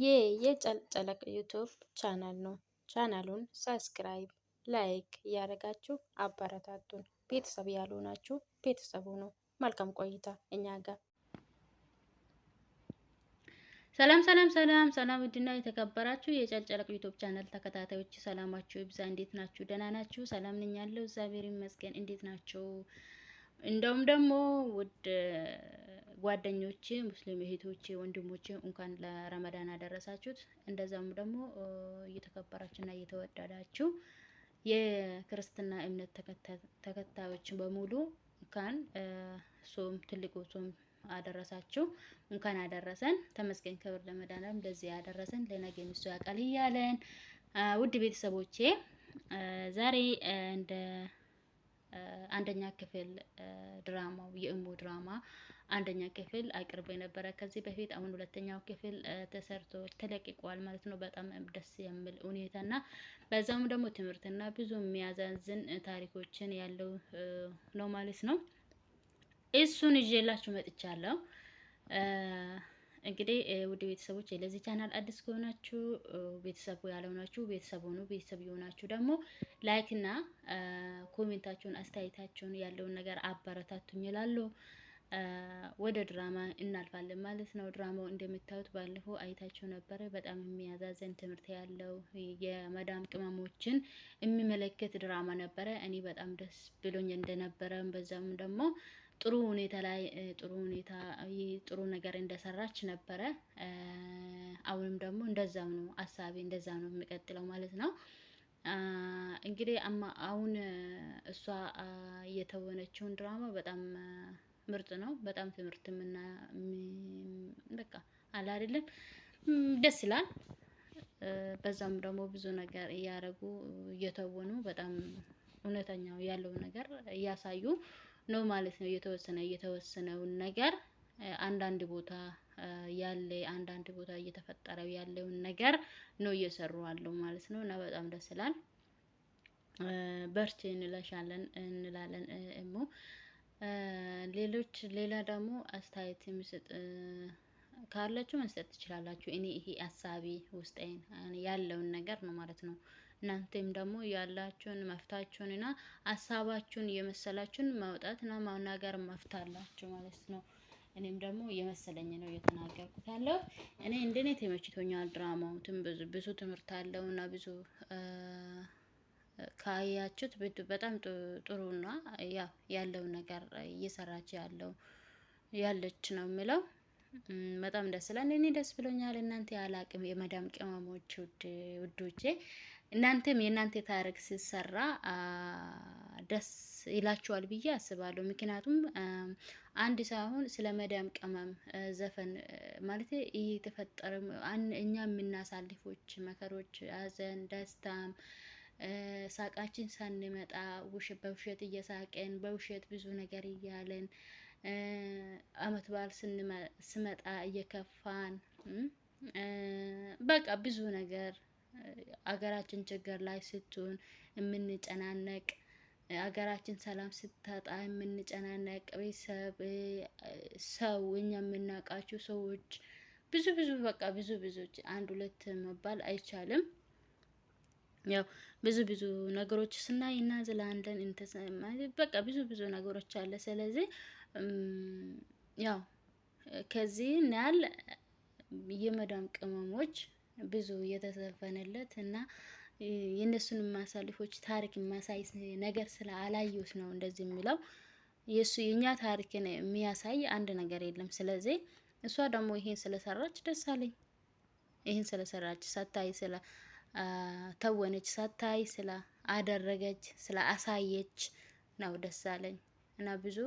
ይህ ጨለቅ ዩቱብ ቻናል ነው። ቻናሉን ሰብስክራይብ ላይክ እያደረጋችሁ አበረታቱን። ቤተሰብ ያልሆናችሁ ቤተሰቡ ነው። መልካም ቆይታ እኛ ጋር። ሰላም ሰላም ሰላም ሰላም! ውድና የተከበራችሁ የጨልጨለቅ ዩቱብ ቻናል ተከታታዮች ሰላማችሁ ይብዛ። እንዴት ናችሁ? ደህና ናችሁ? ሰላም ነኝ ያለው እግዚአብሔር ይመስገን። እንዴት ናችሁ? እንደውም ደግሞ ውድ ጓደኞች ሙስሊም እህቶች ወንድሞች እንኳን ለረመዳን አደረሳችሁት። እንደዛም ደግሞ እየተከበራችሁና እየተወደዳችሁ የክርስትና እምነት ተከታዮች በሙሉ እንኳን ጾም ትልቁ ጾም አደረሳችሁ። እንኳን አደረሰን። ተመስገን ክብር ለመድኃኒዓለም ለዚህ ያደረሰን ለነገ ምሱ ያቃል እያለን ውድ ቤተሰቦቼ ዛሬ እንደ አንደኛ ክፍል ድራማው የእሙ ድራማ አንደኛ ክፍል አቅርቦ የነበረ ከዚህ በፊት አሁን ሁለተኛው ክፍል ተሰርቶ ተለቅቋል ማለት ነው። በጣም ደስ የሚል ሁኔታ እና በዛም ደግሞ ትምህርትና ብዙ የሚያዛዝን ታሪኮችን ያለው ነው ማለት ነው። እሱን ይዤላችሁ መጥቻለሁ። እንግዲህ ውድ ቤተሰቦች ለዚህ ቻናል አዲስ ከሆናችሁ ቤተሰቡ ያልሆናችሁ ቤተሰብ ሆኑ፣ ቤተሰብ የሆናችሁ ደግሞ ላይክና ኮሜንታችሁን፣ አስተያየታችሁን ያለውን ነገር አበረታቱኝ ይላለሁ። ወደ ድራማ እናልፋለን ማለት ነው። ድራማው እንደምታዩት ባለፈው አይታችሁ ነበረ። በጣም የሚያዛዘን ትምህርት ያለው የመዳም ቅመሞችን የሚመለከት ድራማ ነበረ። እኔ በጣም ደስ ብሎኝ እንደነበረ በዛም ደግሞ ጥሩ ሁኔታ ላይ ጥሩ ሁኔታ ጥሩ ነገር እንደሰራች ነበረ። አሁንም ደግሞ እንደዛም ነው አሳቢ እንደዛ ነው የሚቀጥለው ማለት ነው። እንግዲህ አሁን እሷ የተወነችውን ድራማ በጣም ምርጥ ነው። በጣም ትምህርት ምና በቃ አለ አይደለም ደስ ይላል። በዛም ደግሞ ብዙ ነገር እያደረጉ እየተወኑ በጣም እውነተኛው ያለው ነገር እያሳዩ ነው ማለት ነው። እየተወሰነ እየተወሰነውን ነገር አንዳንድ ቦታ ያለ አንዳንድ ቦታ እየተፈጠረው ያለውን ነገር ነው እየሰሩ አለው ማለት ነው። እና በጣም ደስ ይላል። በርቺ እንለሻለን እንላለን እሞ ሌሎች ሌላ ደግሞ አስተያየት የሚሰጥ ካላችሁ መስጠት ትችላላችሁ። እኔ ይሄ አሳቢ ውስጤን ያለውን ነገር ነው ማለት ነው። እናንተም ደግሞ ያላችሁን መፍታችሁንና ሀሳባችሁን የመሰላችሁን ማውጣትና ማናገር መፍታላችሁ ማለት ነው። እኔም ደግሞ የመሰለኝ ነው እየተናገርኩት ያለው። እኔ እንደኔ ተመችቶኛል። ድራማው ብዙ ትምህርት አለውና ብዙ ካያችሁት በጣም ጥሩ እና ያለው ነገር እየሰራች ያለው ያለች ነው የምለው። በጣም ደስ ይላል። እኔ ደስ ብሎኛል። እናንተ ያላቅም የመዳም ቅመሞች ውዶቼ፣ እናንተም የእናንተ ታሪክ ሲሰራ ደስ ይላችኋል ብዬ አስባለሁ። ምክንያቱም አንድ ሳይሆን ስለ መዳም ቅመም ዘፈን ማለት ይህ የተፈጠረ እኛ የምናሳልፎች መከሮች፣ ሀዘን፣ ደስታም ሳቃችን ሳንመጣ ውሸት በውሸት እየሳቀን በውሸት ብዙ ነገር እያለን አመት በዓል ስመጣ እየከፋን በቃ ብዙ ነገር አገራችን ችግር ላይ ስትሆን የምንጨናነቅ አገራችን ሰላም ስታጣ የምንጨናነቅ ቤተሰብ፣ ሰው እኛ የምናውቃቸው ሰዎች ብዙ ብዙ በቃ ብዙ ብዙ አንድ ሁለት መባል አይቻልም። ያው ብዙ ብዙ ነገሮች ስናይ እናዝላለን። በቃ ብዙ ብዙ ነገሮች አለ። ስለዚህ ያው ከዚህ ናል የመዳም ቅመሞች ብዙ የተዘፈነለት እና የእነሱን የማሳልፎች ታሪክ የሚያሳይ ነገር ስለ አላየሁት ነው እንደዚህ የሚለው የእሱ የእኛ ታሪክን የሚያሳይ አንድ ነገር የለም። ስለዚህ እሷ ደግሞ ይሄን ስለሰራች ደስ አለኝ። ይሄን ስለሰራች ሳታይ ስለ ተወነች ሳታይ ስለ አደረገች ስለ አሳየች ነው ደስ አለኝ። እና ብዙ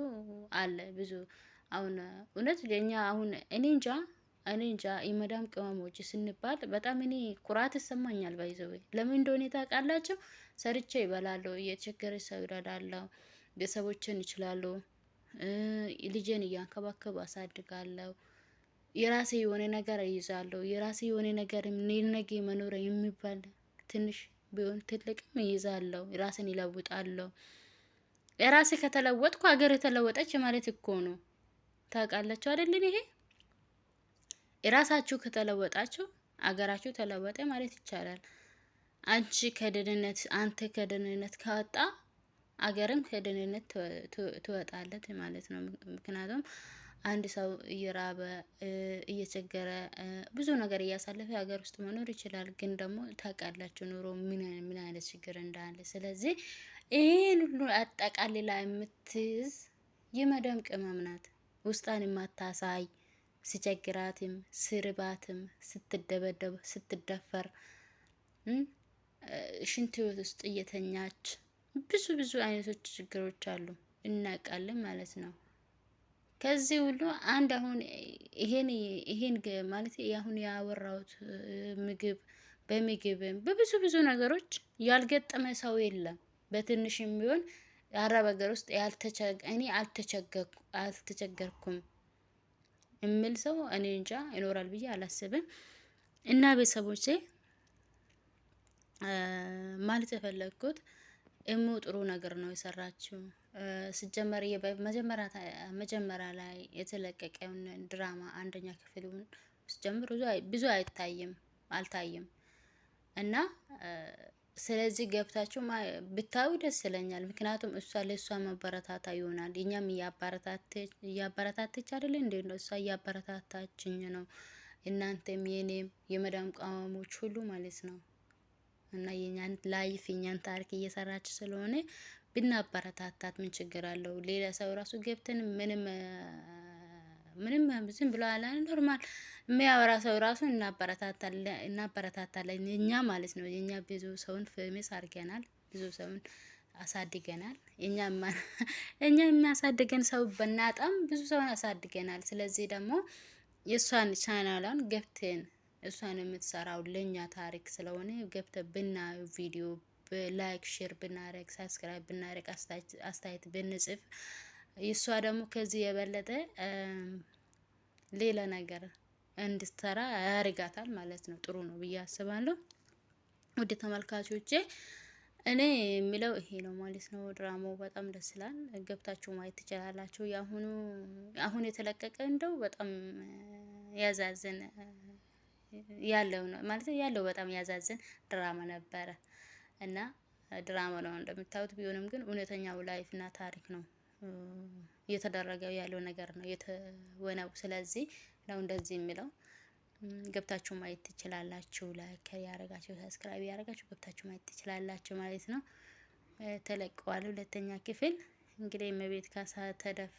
አለ ብዙ አሁን እውነት ለእኛ አሁን እኔ እንጃ እኔ እንጃ የመዳም ቅመሞች ስንባል በጣም እኔ ኩራት ይሰማኛል። ባይዘው ለምን እንደሆነ ታውቃላችሁ? ሰርቼ ይበላለሁ፣ እየተቸገረ ሰው ይረዳለሁ፣ ቤተሰቦችን ይችላሉ፣ ልጄን እያንከባከብ አሳድጋለሁ። የራሴ የሆነ ነገር እይዛለሁ፣ የራሴ የሆነ ነገር ነገ መኖር የሚባል ትንሽ ቢሆን ትልቅም እይዛለሁ፣ ራሴን ይለውጣለሁ። የራሴ ከተለወጥኩ ሀገር የተለወጠች ማለት እኮ ነው። ታውቃላችሁ አይደልን? ይሄ የራሳችሁ ከተለወጣችሁ አገራችሁ ተለወጠ ማለት ይቻላል። አንቺ ከደህንነት አንተ ከደህንነት ካወጣ አገርም ከደህንነት ትወጣለት ማለት ነው። ምክንያቱም አንድ ሰው እየራበ እየቸገረ ብዙ ነገር እያሳለፈ ሀገር ውስጥ መኖር ይችላል። ግን ደግሞ ታውቃላችሁ ኑሮ ምን አይነት ችግር እንዳለ። ስለዚህ ይህን ሁሉ አጠቃልላ የምትይዝ የመደም ቅመም ናት። ውስጣን የማታሳይ ሲቸግራትም፣ ስርባትም፣ ስትደበደብ፣ ስትደፈር ሽንት ቤት ውስጥ እየተኛች ብዙ ብዙ አይነቶች ችግሮች አሉ እናውቃለን ማለት ነው። ከዚህ ሁሉ አንድ አሁን ይሄን ይሄን ማለት አሁን ያወራሁት ምግብ በምግብም በብዙ ብዙ ነገሮች ያልገጠመ ሰው የለም። በትንሽ የሚሆን አረብ ሀገር ውስጥ እኔ አልተቸገርኩም የሚል ሰው እኔ እንጃ ይኖራል ብዬ አላስብም። እና ቤተሰቦቼ ማለት የፈለግኩት እሙ ጥሩ ነገር ነው የሰራችው። ስጀመር መጀመሪያ ላይ የተለቀቀውን ድራማ አንደኛ ክፍሉን ስጀምር ብዙ አይታይም አልታይም እና ስለዚህ ገብታችሁ ብታዩ ደስ ይለኛል። ምክንያቱም እሷ ለእሷ መበረታታ ይሆናል። እኛም እያበረታተች አይደለ እንዴ? ነው እሷ እያበረታታችኝ ነው። እናንተም የኔም የመዳም ቃዋሞች ሁሉ ማለት ነው እና የኛን ላይፍ የኛን ታሪክ እየሰራች ስለሆነ ብናበረታታት ምን ችግር አለው? ሌላ ሰው ራሱ ገብተን ምንም ምንም ዝም ብሎ አላን ኖርማል የሚያወራ ሰው ራሱ እናበረታታለን። እኛ ማለት ነው የኛ ብዙ ሰውን ፌመስ አድርገናል፣ ብዙ ሰውን አሳድገናል። እኛ እኛ የሚያሳድገን ሰው በናጣም ብዙ ሰውን አሳድገናል። ስለዚህ ደግሞ የእሷን ቻናሏን ገብተን እሷን የምትሰራው ለእኛ ታሪክ ስለሆነ ገብተ ብናዩ ቪዲዮ ላይክ ሼር ብናረግ ሳብስክራይብ ብናረግ አስተያየት ብንጽፍ እሷ ደግሞ ከዚህ የበለጠ ሌላ ነገር እንድትሰራ ያርጋታል ማለት ነው። ጥሩ ነው ብዬ አስባለሁ። ውድ ተመልካቾቼ እኔ የሚለው ይሄ ነው ማለት ነው። ድራማው በጣም ደስ ይላል። ገብታችሁ ማየት ትችላላችሁ። የአሁኑ አሁን የተለቀቀ እንደው በጣም ያዛዝን ያለው ነው ማለት ያለው በጣም ያዛዝን ድራማ ነበረ። እና ድራማ ነው እንደምታዩት ቢሆንም ግን እውነተኛው ላይፍ እና ታሪክ ነው እየተደረገ ያለው ነገር ነው የተወነው። ስለዚህ ነው እንደዚህ የሚለው ገብታችሁ ማየት ትችላላችሁ። ላይክ ያረጋችሁ፣ ሰብስክራይብ ያረጋችሁ ገብታችሁ ማየት ትችላላችሁ ማለት ነው። ተለቀዋል ሁለተኛ ክፍል። እንግዲህ እመቤት ካሳ ተደፍ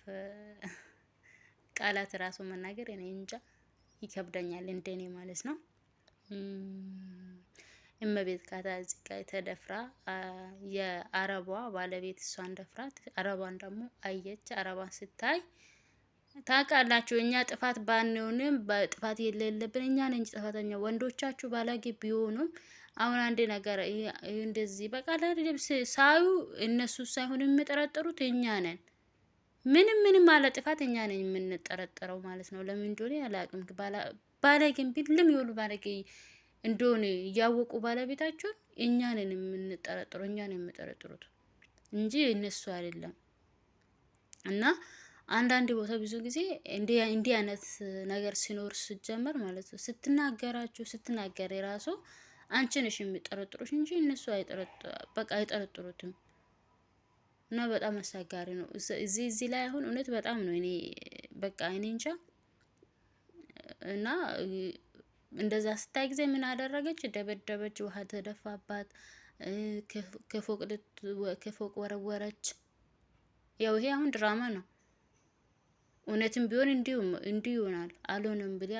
ቃላት ራሱ መናገር እኔ እንጃ ይከብደኛል እንደኔ ማለት ነው። እመቤት ካታ እዚህ ጋር የተደፍራ የአረቧ ባለቤት እሷን ደፍራት፣ አረቧን ደግሞ አየች። አረቧን ስታይ ታውቃላችሁ፣ እኛ ጥፋት ባንሆንም ጥፋት የሌለብን እኛ ነን እንጂ ጥፋተኛ ወንዶቻችሁ ባላጌ ቢሆኑም አሁን አንድ ነገር እንደዚህ በቃ ልብስ ሳዩ እነሱ ሳይሆን የሚጠረጥሩት እኛ ነን። ምንም ምንም አለ ጥፋት እኛ ነን የምንጠረጥረው ማለት ነው። ለምን እንደሆነ አላውቅም። ባለጌም ቢልም የሁሉ ባለጌ እንደሆነ እያወቁ ባለቤታቸውን እኛንን የምንጠረጥሩ እኛን የምጠረጥሩት እንጂ እነሱ አይደለም። እና አንዳንድ ቦታ ብዙ ጊዜ እንዲህ አይነት ነገር ሲኖር ስጀመር ማለት ነው ስትናገራችሁ ስትናገር የራሱ አንቺ ነሽ የሚጠረጥሩሽ እንጂ እነሱ በቃ አይጠረጥሩትም። እና በጣም አስቸጋሪ ነው። እዚህ እዚህ ላይ አሁን እውነት በጣም ነው እኔ በቃ እኔ እንጃ እና እንደዛ ስታይ ጊዜ ምን አደረገች? ደበደበች፣ ውሃ ተደፋባት፣ ከፎቅ ወረወረች። ያው ይሄ አሁን ድራማ ነው። እውነትም ቢሆን እንዲሁም እንዲሁ ይሆናል። አልሆንም ብላ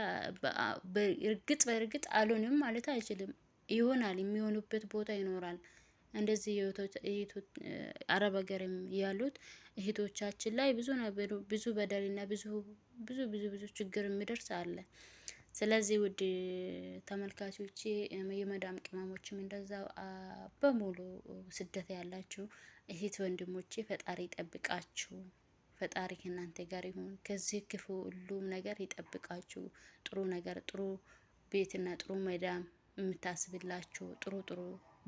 በእርግጥ በእርግጥ አልሆንም ማለት አይችልም። ይሆናል፣ የሚሆኑበት ቦታ ይኖራል። እንደዚህ አረብ ሀገር ያሉት እህቶቻችን ላይ ብዙ ነበሩ ብዙ በደልና ብዙ ብዙ ብዙ ችግር የሚደርስ አለ። ስለዚህ ውድ ተመልካቾች የመዳም ቅመሞችም እንደዛው በሙሉ ስደት ያላችሁ እህት ወንድሞቼ ፈጣሪ ይጠብቃችሁ። ፈጣሪ ከእናንተ ጋር ይሁን። ከዚህ ክፉ ሁሉም ነገር ይጠብቃችሁ። ጥሩ ነገር፣ ጥሩ ቤትና ጥሩ መዳም የምታስብላችሁ ጥሩ ጥሩ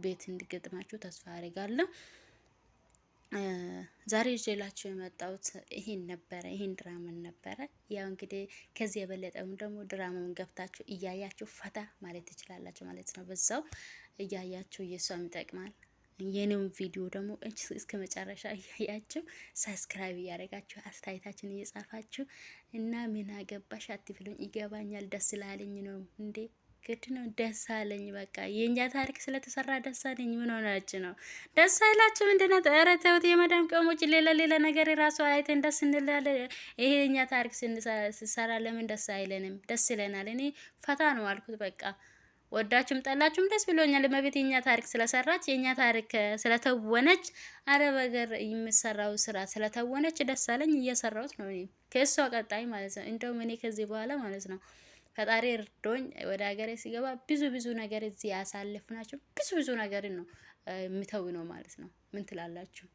ቤት እንዲገጥማችሁ ተስፋ አደርጋለሁ። ዛሬ ይዤላችሁ የመጣሁት ይሄን ነበረ፣ ይሄን ድራማን ነበረ። ያው እንግዲህ ከዚህ የበለጠውን ደግሞ ድራማውን ገብታችሁ እያያችሁ ፈታ ማለት ትችላላችሁ ማለት ነው። በዛው እያያችሁ እየሷም ይጠቅማል። የኔውን ቪዲዮ ደግሞ እስከ መጨረሻ እያያችሁ ሰብስክራይብ እያደረጋችሁ አስተያየታችን እየጻፋችሁ እና ምን አገባሽ አትብሉኝ፣ ይገባኛል፣ ደስ ላለኝ ነው እንዴ ግድ ነው። ደስ አለኝ በቃ የእኛ ታሪክ ስለተሰራ ደስ አለኝ። ምን ሆናችሁ ነው ደስ አይላችሁ? ምንድነው? ኧረ ተውት። የመዳም ቀሞች ሌላ ሌላ ነገር የራሱ አይተን ደስ እንላለ። ይሄ የእኛ ታሪክ ስንሰራ ለምን ደስ አይለንም? ደስ ይለናል። እኔ ፈታ ነው አልኩት በቃ ወዳችሁም ጠላችሁም ደስ ብሎኛል። መቤት የእኛ ታሪክ ስለሰራች የእኛ ታሪክ ስለተወነች አረብ ሀገር የምሰራው ስራ ስለተወነች ደስ አለኝ። እየሰራሁት ነው እኔ ከእሷ ቀጣይ ማለት ነው። እንደውም እኔ ከዚህ በኋላ ማለት ነው ፈጣሪ እርዶኝ ወደ ሀገሬ ሲገባ ብዙ ብዙ ነገር እዚህ ያሳለፍ ናቸው። ብዙ ብዙ ነገር ነው የምተው ነው ማለት ነው። ምን ትላላችሁ?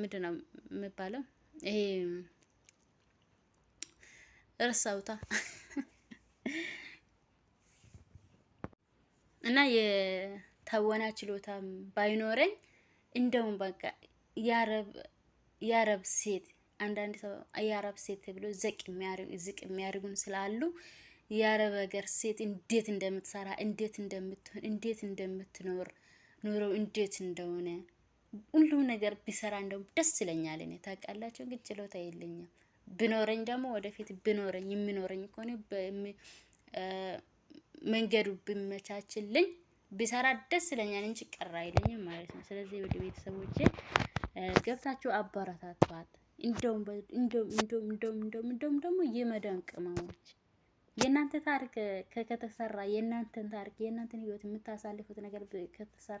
ምንድን ነው የምባለው? ይሄ ረሳውታ እና የተወና ችሎታ ባይኖረኝ እንደውም በቃ ያረብ ያረብ ሴት አንዳንድ ሰው የአረብ ሴት ብሎ ዘቅ ዝቅ የሚያደርጉን ስላሉ የአረብ ሀገር ሴት እንዴት እንደምትሰራ እንዴት እንደምትሆን እንዴት እንደምትኖር ኑሮው እንዴት እንደሆነ ሁሉ ነገር ቢሰራ እንደውም ደስ ይለኛል። እኔ ታውቃላችሁ፣ ግን ችሎታ የለኝም። ብኖረኝ ደግሞ ወደፊት ብኖረኝ የሚኖረኝ ከሆነ መንገዱ ብመቻችልኝ ቢሰራ ደስ ይለኛል እንጂ ቀራ አይለኝም ማለት ነው። ስለዚህ ወደ ቤተሰቦቼ ገብታችሁ አባረታቷት። እንደውም እንደውም እንደውም እንደውም እንደውም ደግሞ የመዳን ቅመሞች የእናንተ ታሪክ ከተሰራ የእናንተን ታሪክ የእናንተን ህይወት የምታሳልፉት ነገር ከተሰራ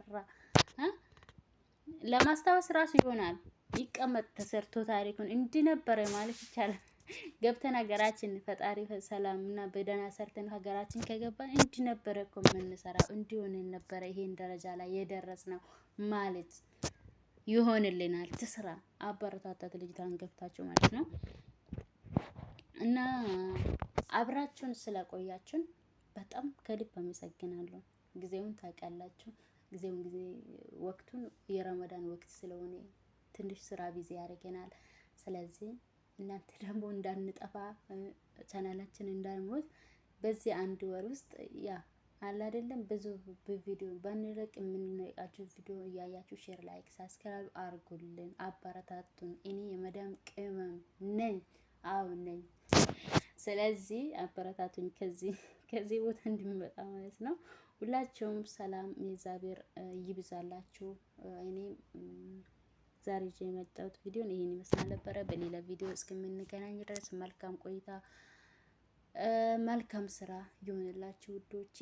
ለማስታወስ ራሱ ይሆናል ይቀመጥ ተሰርቶ ታሪኩን እንዲነበረ ማለት ይቻላል። ገብተን ሀገራችን ፈጣሪ ሰላም እና በደህና ሰርተን ሀገራችን ከገባን እንዲነበረ እኮ የምንሰራው እንዲሆን ነበረ ይሄን ደረጃ ላይ የደረስ ነው ማለት ይሆንልናል። ትስራ አበረታታት ልጅታን ገብታችሁ ማለት ነው እና አብራችሁን ስለቆያችሁን በጣም ከልብ አመሰግናለሁ። ጊዜውን ታውቃላችሁ። ጊዜውን ጊዜ ወቅቱን የረመዳን ወቅት ስለሆነ ትንሽ ስራ ቢዚ ያደርገናል። ስለዚህ እናንተ ደግሞ እንዳንጠፋ ቻናላችን እንዳንሞት በዚህ አንድ ወር ውስጥ ያ አለ አይደለም ብዙ በቪዲዮ ባንለቅ የምንለቃችሁ ቪዲዮ እያያችሁ ሼር ላይክ ሳብስክራይብ አርጉልን፣ አበረታቱን። እኔ የመዳም ቅመም ነኝ፣ አው ነኝ። ስለዚህ አበረታቱኝ ከዚህ ከዚህ ቦታ እንድንመጣ ማለት ነው። ሁላቸውም ሰላም የእግዚአብሔር ይብዛላችሁ። እኔ ዛሬ ይዤ የመጣሁት ቪዲዮን ይህን ይመስል ነበረ። በሌላ ቪዲዮ እስከምንገናኝ ድረስ መልካም ቆይታ መልካም ስራ ይሆንላችሁ ውዶቼ።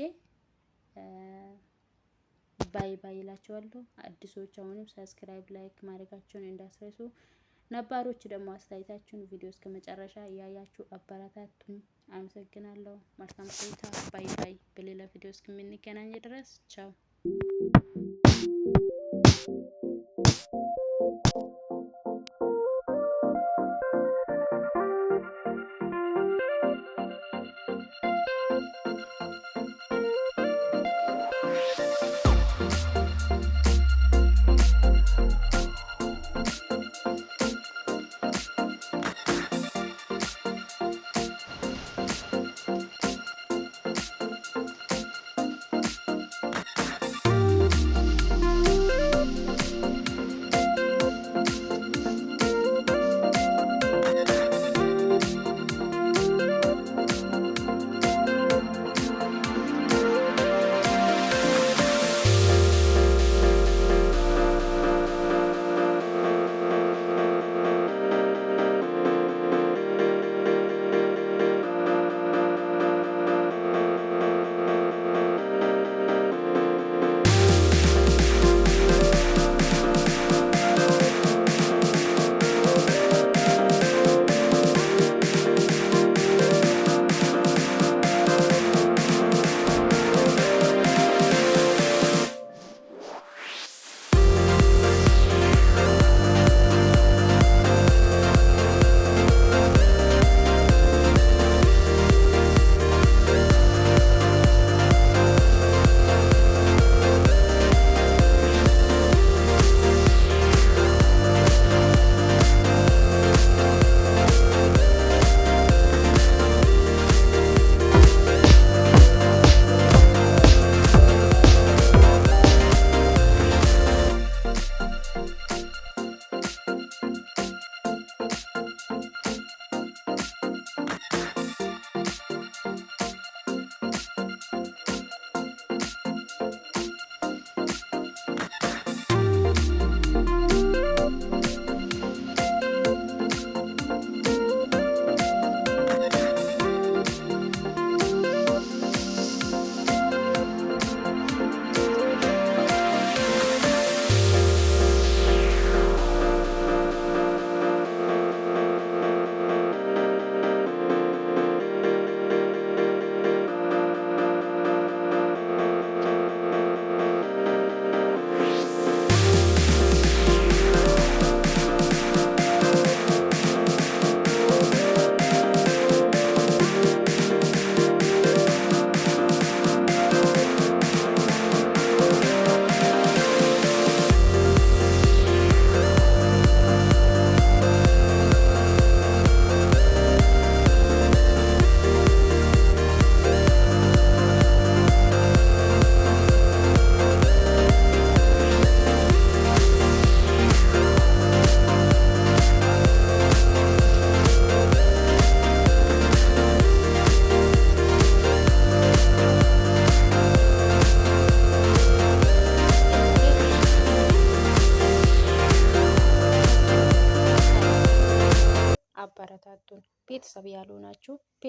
ባይ ባይ ይላችኋለሁ። አዲሶች አሁንም ሰብስክራይብ፣ ላይክ ማድረጋቸውን እንዳስረሱ፣ ነባሮች ደግሞ አስተያየታችሁን ቪዲዮ እስከ መጨረሻ እያያችሁ አበረታቱን። አመሰግናለሁ። መልካም ቆይታ። ባይ ባይ። በሌላ ቪዲዮ እስከምንገናኝ ድረስ ቻው።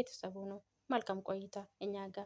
ቤተሰቡ ነው። መልካም ቆይታ እኛ ጋር